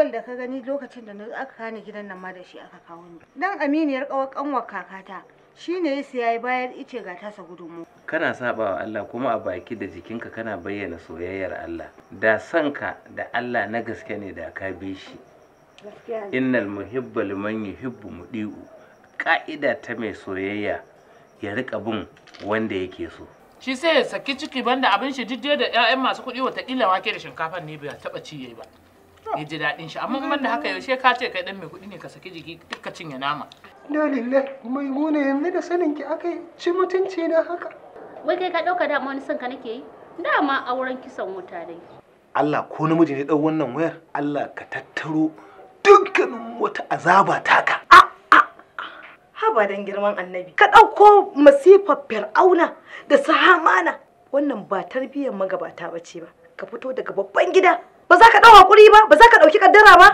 abubuwan da ka gani lokacin da aka kani gidan nan ma da shi aka kawo ni dan aminiyar kawar kanwar kakata shi ne ya yayi bayar ice ga tasa gudunmu kana sabawa Allah kuma a baki da jikinka kana bayyana soyayyar Allah da ka da Allah na gaske ne da ka bi shi innal muhibba liman yuhibbu mudiu ka'ida ta mai soyayya ya rika bin wanda yake so shi sai ya saki ciki banda abin shi diddai da 'ya'yan masu kuɗi watakila wake da shinkafar, ne bai taɓa ci yayi ba ya ji daɗin shi amma ban da haka yaushe ka ce kai dan mai kuɗi ne ka saki jiki dukka cinye nama dalilai lillahi kuma yanzu da sanin ki aka ci mutunci na haka wai kai ka ɗauka dama wani son ka nake yi dama auren kisan wuta dai Allah ko namiji ne ɗau wannan wayar Allah ka tattaro dukkanin wata azaba taka haba dan girman annabi ka ɗauko masifar fir'auna da sahamana, wannan ba tarbiyyar magabata ba ce ba ka fito daga babban gida ba za ka ɗau hakuri ba ba za ka ɗauki kaddara ba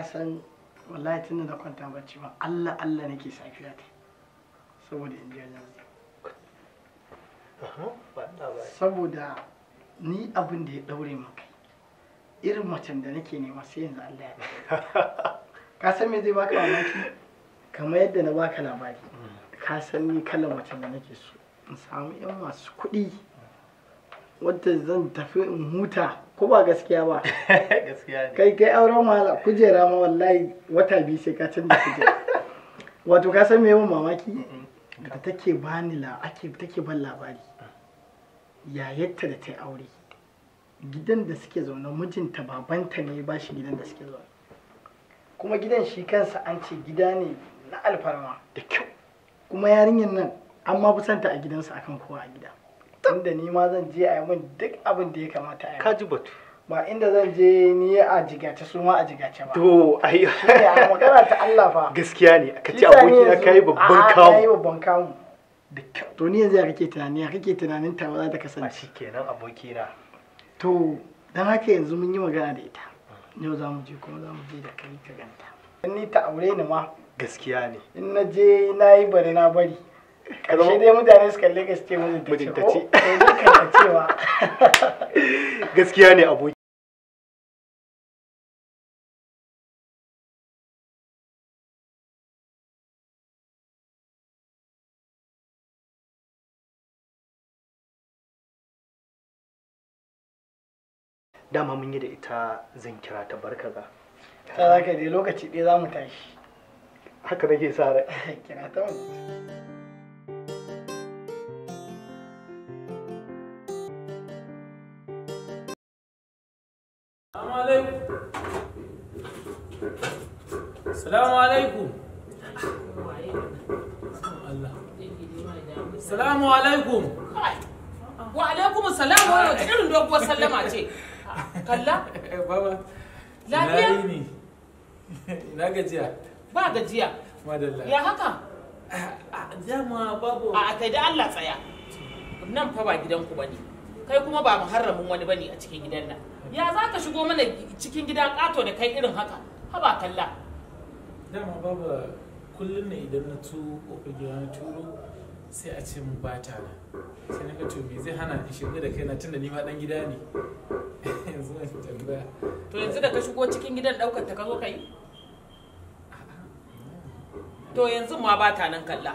ka san wallahi tun da kwanta bacci ba Allah Allah nake safiya ta saboda in ji saboda ni abin da ya daure min kai irin macen da nake nema sai yanzu Allah ya ka san me zai baka mamaki kamar yadda na baka labari mm. ka san ni kalan macen da nake so in samu yan masu kuɗi wadda zan tafi in huta ko ba gaskiya ba gaskiya kai kai auren wahala kujera ma wallahi wata biyu sai ka canza kujera wato ka san me mun mamaki da take bani la ake take ban labari yatta da ta aure gidan da suke zaune mijinta babanta ne ba shi gidan da suke zaune kuma gidan shi kansa an ce gida ne na alfarma da kyau kuma yarinyar nan an ma fi santa a gidansa akan kowa a gida inda ni ma zan je a yi min duk abin da ya kamata a yi ka batu ba inda zan je ni a jigace su ma a jigace ba to shi ne a magana ta Allah fa gaskiya ne ka ci aboki na yi babban kawo kai babban kawo da kyau to ni yanzu ya kake tunani ya kake tunanin ta za ta kasance kenan aboki na to dan haka yanzu mun yi magana da ita yau za mu je kuma za mu je da kai ka ganta in ni ta aure ni ma gaskiya ne in na je na yi bari na bari karshe dai mutane su kalle ka oh, gaskiya ne aboki dama mun yi da ita zan kira ta barka ga ta za ka dai lokaci ɗaya za mu tashi haka nake sa rai kira ta mu salamu alaikum salamu alaikum wa alaikum salamu wata irin doguwar sallama ce kalla eh, baba lafiya Ina gajiya ba gajiya madalla ya haka ah, ah, dama babu a kai da Allah tsaya nan fa ba gidanku bane kai kuma ba muharramin wani bane a cikin gidan nan ya za ka shigo mana cikin gidan ƙato da kai irin haka haba kalla dama baba kullum ne idan na ko gida na turo sai a ce ba bata na sai na kato me zai hana ni shiga da na tunda ni ma dan gida ne yanzu na tambaya to yanzu da ka shigo cikin gidan daukar ta ka zo kai to yanzu ma ba ta nan kalla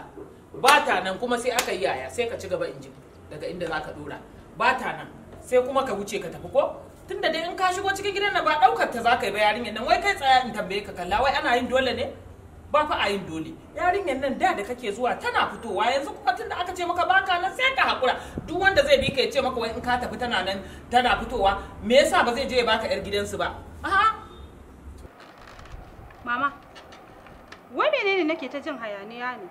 ba ta nan kuma sai aka yi yaya sai ka ci gaba in ji daga inda zaka dora ta nan sai kuma ka wuce ka tafi ko tunda dai in ka shigo cikin gidan nan ba daukar ta zaka yi ba yarinyar nan wai kai tsaya in tambaye ka kalla wai ana yin dole ne ba fa a yin dole yarinyar nan da da kake zuwa tana fitowa yanzu kuma tunda aka ce maka baka nan sai ka hakura duk wanda zai bi ka ya ce maka wai in ka tafi tana nan tana fitowa me yasa ba zai je ya baka yar gidansu ba aha mama wai menene nake ta jin hayaniya ne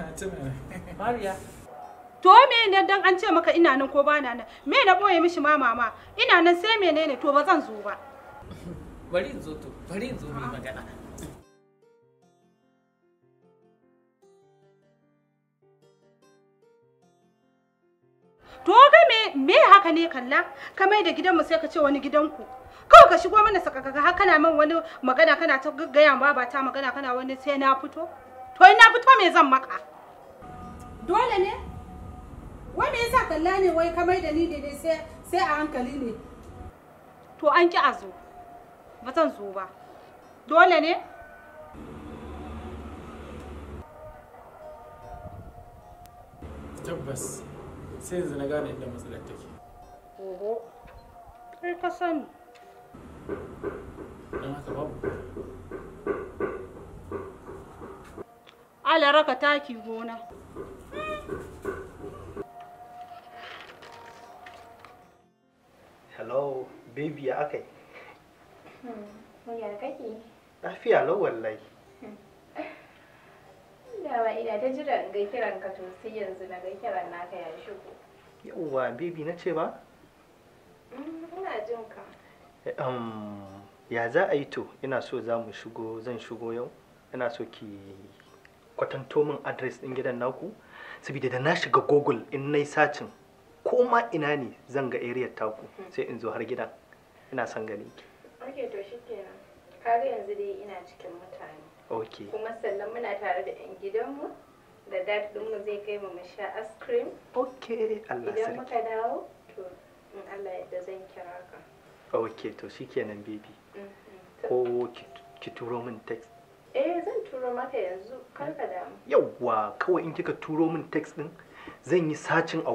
to me ne dan an ce maka ina nan ko bana nan me na boye mishi ma mama ina nan sai menene to ba zan zo ba bari in zo to bari in zo mu magana to ga me me haka ne kalla ka mai da gidanmu sai ka ce wani gidanku kawai ka shigo mana sakakaka haka kana min wani magana kana ta gaggaya ma ba ta magana kana wani sai na fito to ina fito me zan maka dole ne wani ya yasa kalla ne wai kamar da ni daidai sai sai a hankali ne to an ki a zo ba zan zo ba dole ne tabbas sai yanzu na gane inda matsalar take oho kai ka sani don haka babu ala raka taki gona lau baby ya akai hmm, ya kake lafiya lau wallahi hmm. dama ina ta jira in ga kiran ka to sai yanzu na ga kiran naka ya shigo yawwa bibi, na ce ba hmm, ina jin ka eh, um, ya za a yi to ina so za mu shigo zan shigo yau ina so ki kwatanto min adres din gidan naku saboda da na shiga google in nai sacin ko ma ina ne zan ga area taku sai in zo har gidan ina son ganin ki okay to shikenan kaga yanzu dai ina cikin mutane okay kuma sannan muna tare da yan gidanmu da dad zai kai mu mu sha ice cream okay Allah idan muka dawo to in Allah yadda zan kira ka Ok, to shikenan baby mm-hmm. ko ki turo min text eh zan turo maka yanzu kar ka damu yawwa kawai in kika turo min text din zan yi sacin a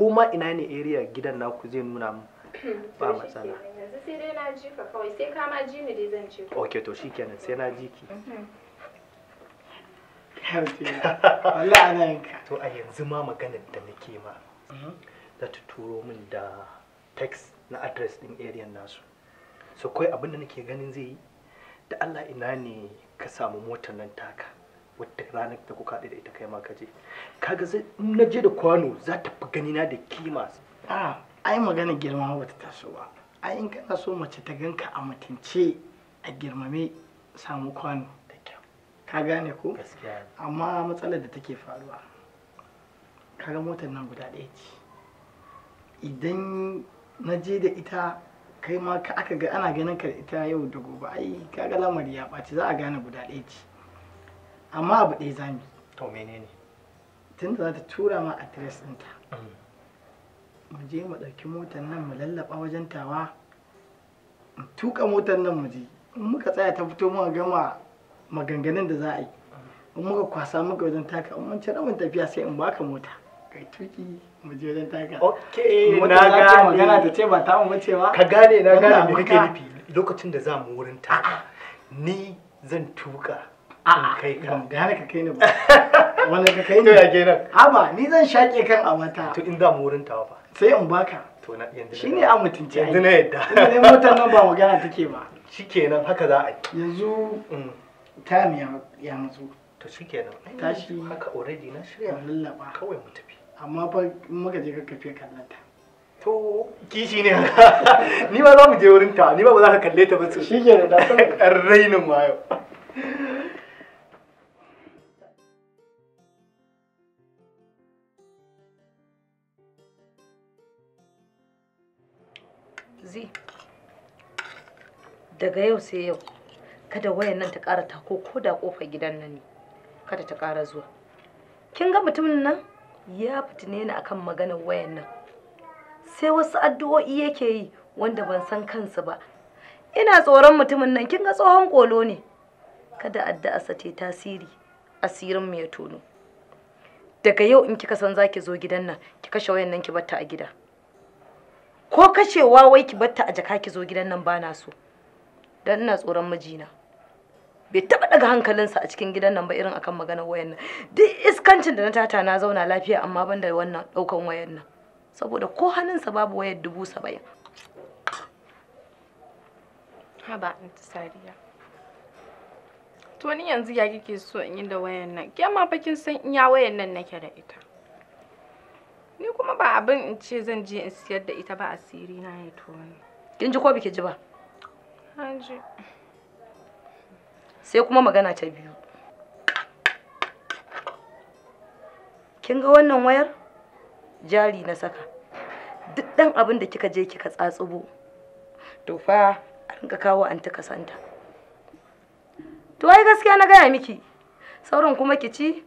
Kuma ina ne area gidan naku zai nuna mu ba matsala yanzu sai dai na ji ka kawai sai ka ma ji ni dai zan ce ok to shikenan sai na ji ki mhm. Allah ana yanka to a yanzu ma maganar da nake ma mhm. za ta turo min da text na address din area nasu so kai abin da nake ganin zai yi da Allah ina ne ka samu motar nan taka wata ranar da kuka da ita kai ma ka je kaga sai na je da kwano za ta fi gani na da kima a ai magana girma ba ta taso ba ai in kana so mace ta ganka a mutunce a girmame samu kwano ka gane ko Gaskiya amma matsalar da take faruwa kaga motar nan guda ɗaya ce idan na je da ita kai ma aka ga ana ganin ka da ita yau da gobe ai kaga lamari ya ɓaci za a gane guda ɗaya ce amma abu ɗaya za mu to menene tun da za ta tura ma adres ɗinta mm. mu je mu ɗauki motar nan mu lallaɓa wajen tawa mu tuka motar nan mu je in muka tsaya ta fito muka gama maganganun da za a yi mm. in muka kwasa muka wajen taka in mun ci rabin tafiya sai in baka mota kai tuki mu je wajen taka ok na gane magana ta ce ba ta mu ba ka gane na gane me kake nufi lokacin da za mu wurin taka ni zan tuka kai ka gara ka kai ni ba wanda ka kai ni to ya ke nan haba ni zan shaƙe kan a mata to in mu wurin tawa fa sai in baka to na yanzu shine a mutunci yanzu na yadda yanzu motar nan ba magana take ba shikenan haka za a yi yanzu mm. time ya ya to shikenan tashi haka already na shirya lallaba kawai mu tafi amma fa in muka je kallon ta to kishi ne ni ma za mu je wurin ta ni ma ba za ka kalle ta ba su shikenan da rainin ma yau zi daga yau sai yau kada wayan nan ta ƙara tako ko da ƙofar gidan nan ne kada ta ƙara zuwa kin ga mutumin nan ya fitine ni akan maganar wayan nan sai wasu addu'o'i yake yi wanda ban san kansu ba ina tsoron mutumin nan kin ga tsohon kolo ne kada addu'arsa ta tasiri asirin mu ya tono daga yau in kika san zaki zo gidan nan ki kashe wayan nan ki batta a gida ko kashewa wai ki batta a jaka ki zo gidan nan ba na so dan ina tsoron mijina bai taba daga hankalinsa a cikin gidan nan ba irin akan maganar wayan nan duk iskancin da na tata na zauna lafiya amma banda wannan daukan wayan nan saboda ko hannunsa babu wayar dubu saba'in haba sariya to ni yanzu ya kike so in yi da wayan nan ke ma fa kin san iya wayan nan nake da ita ni kuma ba abin in ce zan je in siyar da ita ba asiri na ya toni kin ji ko biki ji ba sai kuma magana ta biyu kin ga wannan wayar jari na saka duk dan abin da kika je kika tsatsubo to fa ka kawo an ta kasanta to ai gaskiya na gaya miki sauran kuma ki ci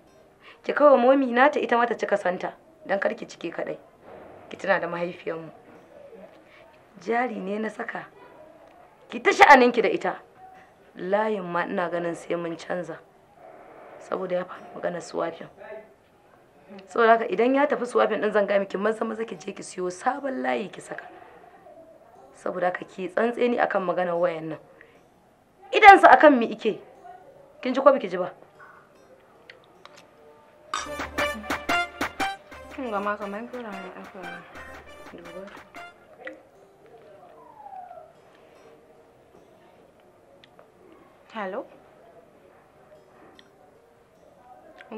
ki kawo momi na ta ita mata cika santa don karki cike kadai ki tana da mahaifiyarmu jari ne na saka ki ta ki da ita layin ma ina ganin sai mun canza saboda ya fara magana suwafin saboda haka idan ya tafi suwafin din zan ga miki maza maza ki je ki siyo sabon layi ki saka saboda haka ki tsantseni akan maganar wayannan. nan idan sa akan mi ike kin ji ko biki ji ba ga ma kamar tura ne aka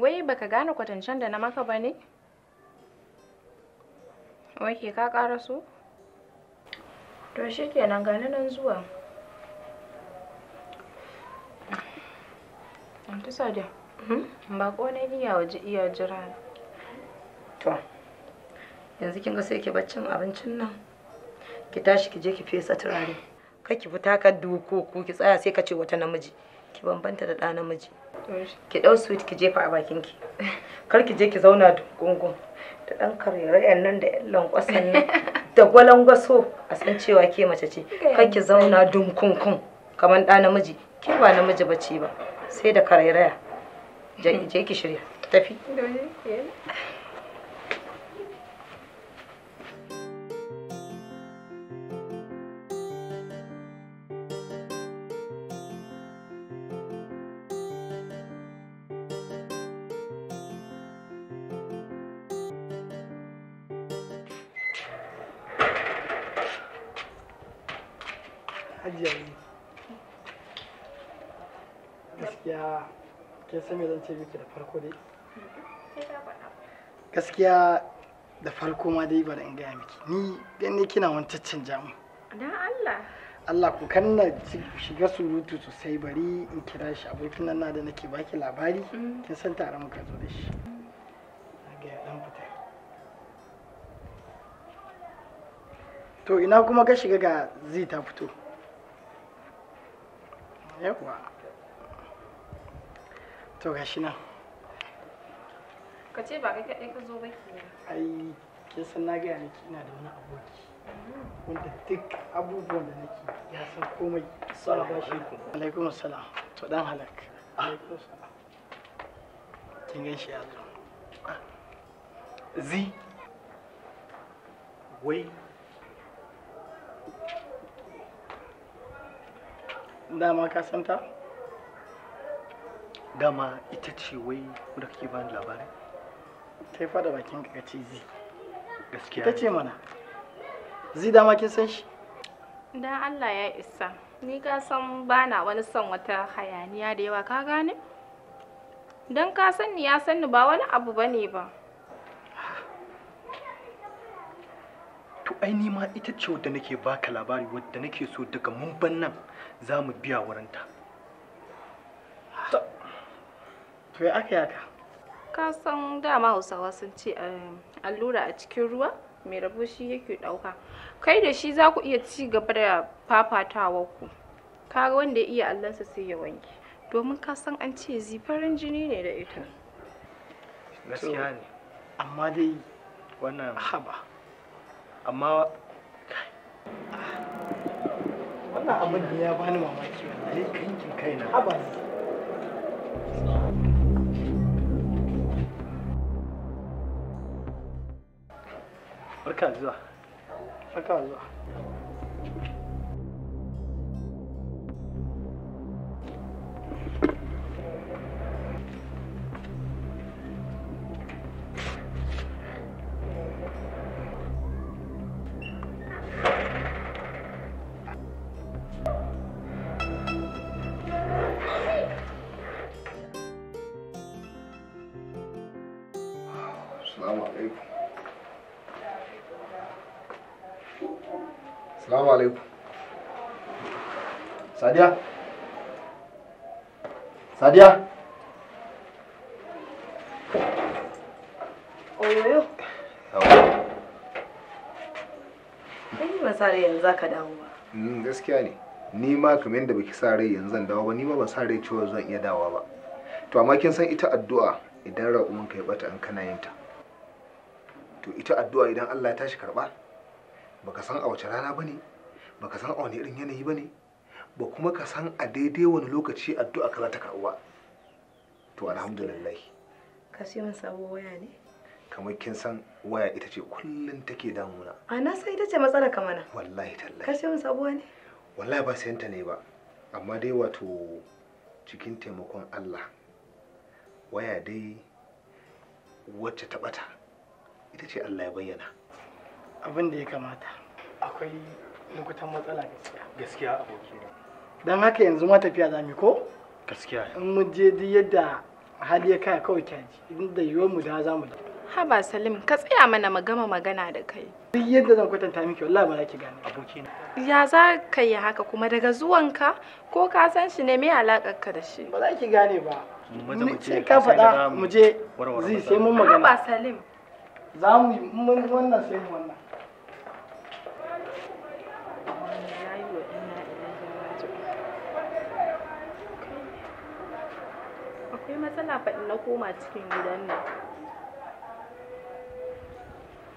wai baka gane kwatancen da na maka ba ne ke ka ƙara so to shi kenan gane nan zuwa ba ko na iya waje iya jira ne. to yanzu kin ga sai ki baccin abincin nan ki tashi ki je ki fesa turare kai ki fita ka duko ko ki tsaya sai ka ce wata namiji ki bambanta da ɗa namiji ki ɗau suit ki jefa a bakin ki kar ki je ki zauna gungun. da ɗan karerayen nan da ƴan lankwasan nan da gwalangwaso a san cewa ke mace ce kar ki zauna dunkunkun kamar ɗa namiji ke ba namiji bace ba sai da kareraya je ki shirya tafi ajiyayi gaskiya kin san me ce miki da farko dai gaskiya da farko ma dai bari in gaya miki ni dan kina wancan dan Allah Allah ku kanna shiga surutu sosai bari in kira shi abokin nan na da nake baki labari mm. kin san tare muka zo da shi to ina kuma ka shiga ga zai ta fito yawa to nan ka ce ba kai kaɗai ka zo ba ke ai kin san na gaya miki ina da wani aboki mm-hmm. wanda duk abubuwan da nake ya san komai salamu alaikum alaikum assalam to dan halak yanzu ah. zi wai dama ka san ta? dama ita ce wai da kake bani labarin yi fada bakin ka ce zi gaskiya ita ce mana zi dama kin san shi dan Allah ya isa ni ka san bana wani son wata hayaniya da yawa ka gane dan ka san ni ya san ni ba wani abu bane ba to ai ni ma ita ce wadda nake baka labari wadda nake so daga mun nan za mu biya wurinta to ya aka yaka ka san dama hausawa sun ce eh, allura a cikin ruwa mai rabo shi yake ɗauka kai da shi za ku iya ci gaba da fafatawa ku kaga wanda ya iya allansa sai ya wanke domin ka san an ce zifarin jini ne da ita gaskiya ne amma dai wannan haba amma ah, wannan abin da ya bani mamaki wannan wallahi kankin kaina haba barka zuwa barka zuwa ban sa rai yanzu zaka dawo ba mm, gaskiya ne ni ma kamar yadda baki sa rai yanzu zan dawo ba ni ma ban sa rai cewa zan iya dawo ba to amma kin san ita addu'a idan raƙumin ka ya bata an kana yin ta to ita addu'a idan Allah ya tashi karba baka san a wace rana bane baka san a wani irin yanayi bane ba kuma ka san a daidai wani lokaci addu'a ka za ta karba to alhamdulillah ka sai mun sabo waya ne kamar kin san waya ita ce kullum take damuna a na sai ita ce matsala ka mana wallahi tallahi ka sayo sabuwa ne wallahi ba sayan ta ne ba amma dai wato cikin taimakon Allah waya dai wacce ta bata ita ce Allah ya bayyana abin da ya kamata akwai lokutan matsala gaskiya gaskiya aboki dan haka yanzu ma tafiya mu ko gaskiya in mu je duk yadda hali ya kai kawai kyanji inda yiwuwar mu da za mu da Haba Salim, ka tsaya mana magama magana da kai. Duk yadda zan kwatanta miki wallahi ba za ki gane aboki na. Ya za ka yi haka kuma daga zuwanka ko ka san shi ne me alakar ka da shi? Ba za ki gane ba. Mu Sai ka faɗa mu je zai sai mun magana. Haba Salim. Za mu mun wannan sai mu wannan. Akwai matsala faɗi na koma cikin gidan nan.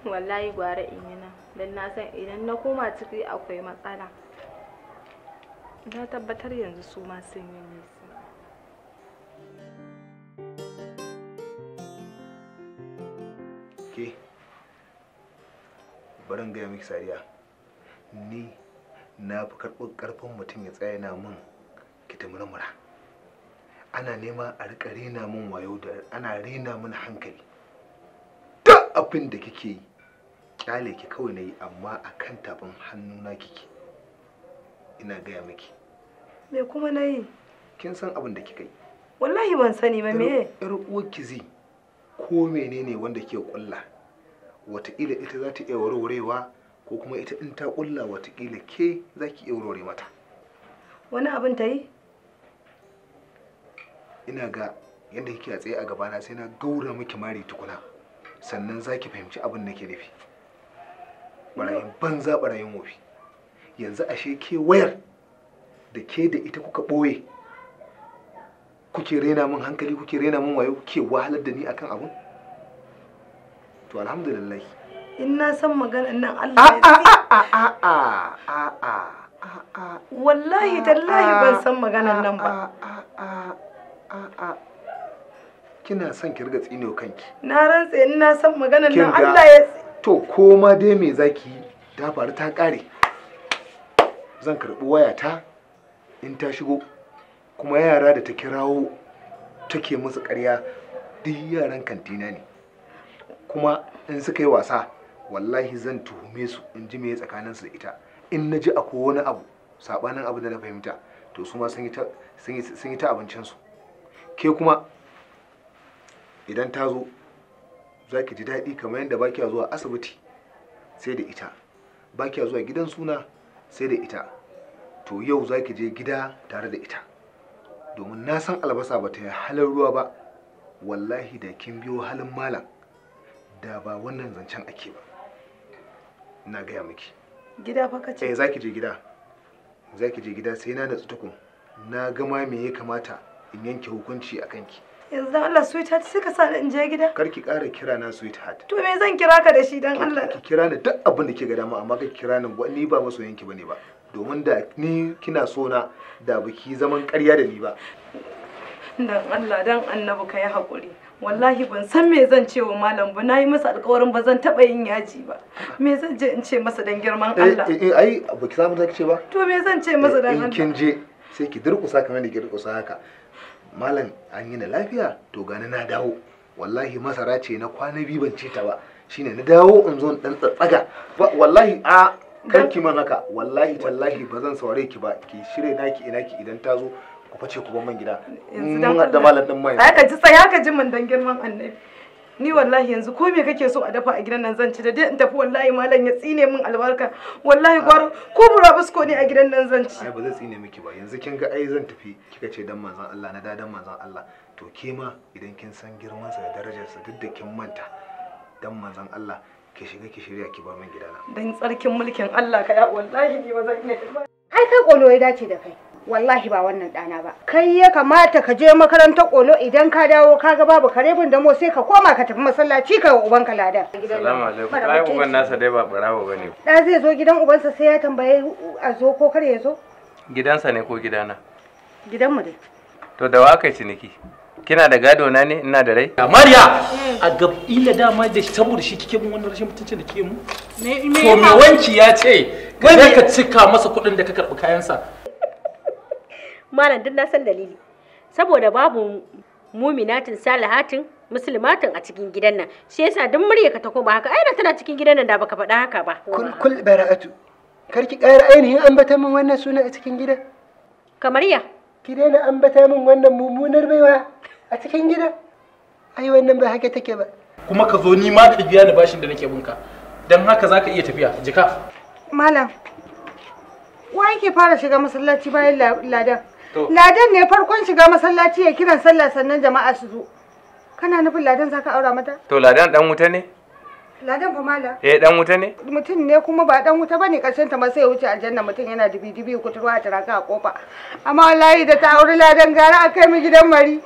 wallahi gwara in yi nan don na san idan na koma ciki akwai matsala na tabbatar yanzu su ma sun yi nisa ke barin gaya miki sariya ni na fi karɓar ƙarfin mutum ya tsaya na mun kita murmura ana nema a riƙa rena min wayo da ana rina min hankali duk abin da kike yi kyale ki kawai na yi amma a kan tafin hannuna kike ina gaya miki me kuma na yi kin san abin da kika yi wallahi ban sani ba me yar uwar zi, ko menene wanda ke kulla wataƙila ita za ta iya warwarewa ko kuma ita in ta kulla wataƙila ke za ki iya warware mata wani abin ta yi ina ga yadda kike a tsaye a gabana sai na gaura miki mari tukuna sannan za ki fahimci abin da ke nufi barayin banza barayin wofi yanzu ashe ke wayar da ke da ita kuka ɓoye kuke rena min hankali kuke rena min waye, kuke wahalar da ni akan abun to alhamdulillah in na san maganar nan Allah ya a wallahi tallahi ban san maganar nan ba kina son ki riga tsinewa kanki na rantse in na san maganar nan Allah ya to koma dai me zaki ta faru ta ƙare zan karɓi wayata in ta shigo kuma yara da ta kirawo take musu ƙarya duk yaran kantina ne kuma in suka yi wasa wallahi zan tuhume su in ji me tsakaninsu da ita in na ji akwai wani abu sabanin abu da na fahimta to su ma sun yi ta abincinsu ke kuma idan ta zo za ki ji daɗi kamar yadda ba kiya zuwa asibiti sai da ita ba kiya zuwa gidan suna sai da ita to yau za ki je gida tare da ita domin na san albasa ba ta yi halin ruwa ba wallahi da kin biyo halin malam da ba wannan zancen ake ba na gaya miki gida fa kace eh za je gida za je gida sai na natsu tukun na gama me ya kamata in yanke hukunci a kanki yanzu dan Allah sweetheart sai ka sa in je gida kar ki kara kira na sweetheart to me zan kira ka da shi dan Allah ki kira ni duk abin da ke ga dama amma ka kira ni ba ni ba masoyin ki bane ba domin da ni kina so na da biki zaman ƙarya da ni ba dan Allah dan annabi ka yi hakuri wallahi ban san me zan ce wa malam ba nayi masa alƙawarin ba zan taɓa yin yaji ba me zan je in ce masa dan girman eh, Allah eh, eh ai ba ki samu zaki ce ba to me zan ce masa dan eh, Allah kin je sai ki durƙusa kamar ne ki durƙusa haka malam an yi na lafiya to gani na dawo wallahi masara ce na kwana biyu ban ce ta ba shine na dawo in zo dan tsatsaga wallahi a karki man haka wallahi tallahi ba zan saurare ki ba ki shirye naki ina ki idan ta zo ku fice ku ban gida mm, da malam din mai ka ji tsaya ka ji mun dan girman annabi ni wallahi yanzu ko me kake so a dafa a gidan nan zan ci da dai in tafi wallahi malam ya tsine min albarka wallahi gwaro ko bisko ne a gidan nan zan ci ai ba zai tsine miki ba yanzu kin ga ai zan tafi kika ce dan manzon Allah na da manzon Allah to ke ma idan kin san girman sa da darajar sa duk da kin manta dan manzon Allah ki shiga ki shirya ki ba min gidana dan tsarkin mulkin Allah ka ya wallahi ni ba zan iya ai kai kolo ya dace da kai wallahi ba wannan ɗana ba kai ya kamata ka je makarantar kolo idan ka dawo ka ga babu karebin da mo sai ka koma ka tafi masallaci ka wa ubanka ladan salamu alaikum ai uban nasa dai ba barawo bane da zai zo gidan ubansa sai ya tambaye a zo ko kar ya zo gidansa ne ko gidana gidanmu dai to da wa kai ciniki kina da gado na ne ina da rai Mariya a gab dama da saboda shi kike mun wannan rashin mutuncin da kike mu to me wanki ya ce ka ka cika masa kuɗin da ka karɓi kayansa malam duk na san dalili saboda babu muminatin salihatin musulmatin a cikin gidan nan shi yasa duk murya ka ta koma haka aina tana cikin gidan nan da baka faɗa haka ba kul kul bara'atu karki ƙara ainihin ambata min wannan suna a cikin gida kamar ya ki daina ambata min wannan mummunar baiwa a cikin gida ai wannan ba haka take ba kuma ka zo ni ma ka biya ni bashin da nake binka dan haka zaka iya tafiya jika malam wa ke fara shiga masallaci bayan ladan Ladan ne farkon shiga masallaci ya kiran sallah sannan jama'a su zo. Kana nufin Ladan za ka aura mata? To Ladan dan wuta ne? Ladan fa mala. Eh dan wuta ne? Mutum ne kuma ba dan wuta bane karshen ta ma sai wuce aljanna mutum yana dibi dibi kuturwa a tara a kofa. Amma wallahi da ta auri Ladan gara a kai mu gidan mari.